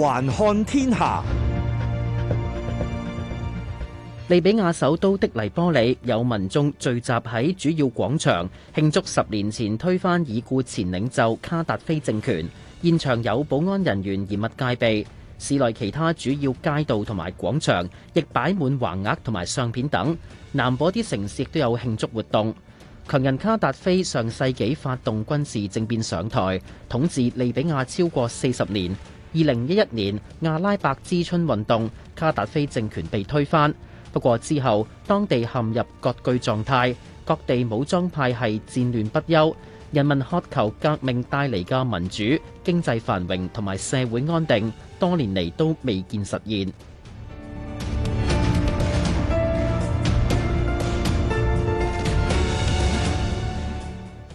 環看天下，利比亞首都的黎波里有民眾聚集喺主要廣場慶祝十年前推翻已故前領袖卡達菲政權。現場有保安人員嚴密戒備。市內其他主要街道同埋廣場亦擺滿橫額同埋相片等。南部啲城市亦都有慶祝活動。強人卡達菲上世紀發動軍事政變上台，統治利比亞超過四十年。二零一一年，阿拉伯之春運動，卡達菲政權被推翻。不過之後，當地陷入割據狀態，各地武裝派系戰亂不休，人民渴求革命帶嚟嘅民主、經濟繁榮同埋社會安定，多年嚟都未見實現。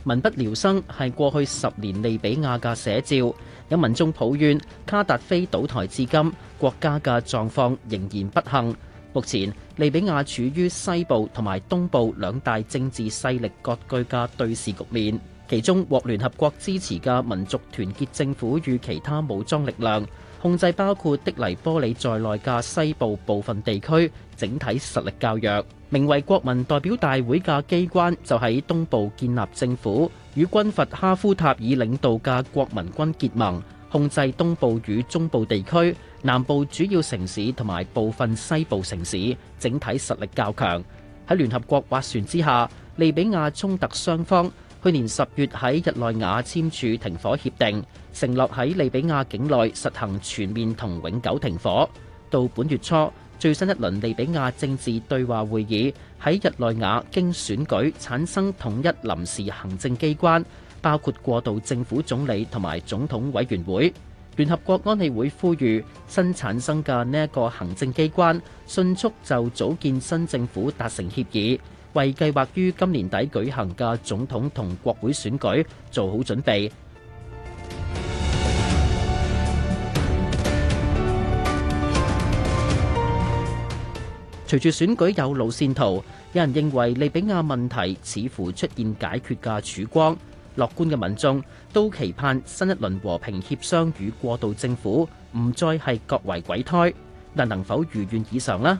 民不聊生係過去十年利比亞嘅寫照，有民眾抱怨卡達菲倒台至今，國家嘅狀況仍然不幸。目前利比亞處於西部同埋東部兩大政治勢力割據嘅對峙局面，其中獲聯合國支持嘅民族團結政府與其他武裝力量。控制包括的黎波里在內嘅西部部分地區，整體實力較弱。名為國民代表大會嘅機關就喺東部建立政府，與軍閥哈夫塔爾領導嘅國民軍結盟，控制東部與中部地區、南部主要城市同埋部分西部城市，整體實力較強。喺聯合國斡旋之下，利比亞衝突雙方去年十月喺日內瓦簽署停火協定，承諾喺利比亞境內實行全面同永久停火。到本月初，最新一輪利比亞政治對話會議喺日內瓦經選舉產生統一臨時行政機關，包括過渡政府總理同埋總統委員會。聯合國安理會呼籲新產生嘅呢一個行政機關迅速就組建新政府達成協議。為計劃於今年底舉行嘅總統同國會選舉做好準備。隨住選舉有路線圖，有人認為利比亞問題似乎出現解決嘅曙光，樂觀嘅民眾都期盼新一輪和平協商與過渡政府唔再係各懷鬼胎。但能否如願以償呢？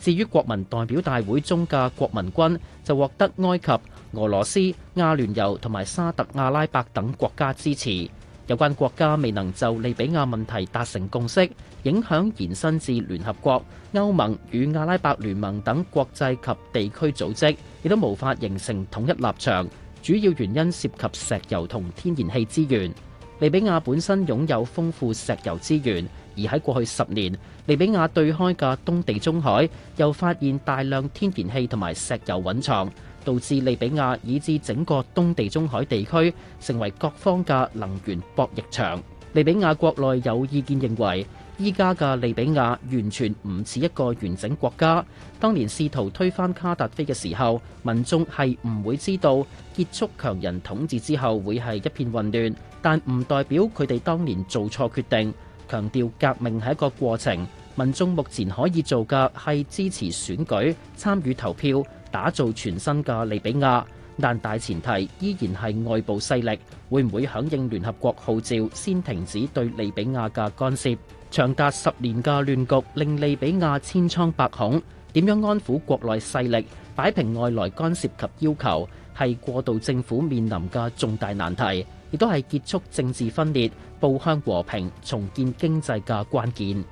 至於國民代表大會中嘅國民軍，就獲得埃及、俄羅斯、阿聯酋同埋沙特阿拉伯等國家支持。有關國家未能就利比亞問題達成共識，影響延伸至聯合國、歐盟與阿拉伯聯盟等國際及地區組織，亦都無法形成統一立場。主要原因涉及石油同天然氣資源。利比亞本身擁有豐富石油資源，而喺過去十年，利比亞對開嘅東地中海又發現大量天然氣同埋石油蘊藏，導致利比亞以至整個東地中海地區成為各方嘅能源博弈場，利比亞國內有意見認為。依家嘅利比亞完全唔似一個完整國家。當年試圖推翻卡達菲嘅時候，民眾係唔會知道結束強人統治之後會係一片混亂，但唔代表佢哋當年做錯決定。強調革命係一個過程，民眾目前可以做嘅係支持選舉、參與投票、打造全新嘅利比亞。但大前提依然係外部勢力會唔會響應聯合國號召，先停止對利比亞嘅干涉。長達十年嘅亂局令利比亞千瘡百孔，點樣安撫國內勢力，擺平外來干涉及要求，係過渡政府面臨嘅重大難題，亦都係結束政治分裂、步向和平、重建經濟嘅關鍵。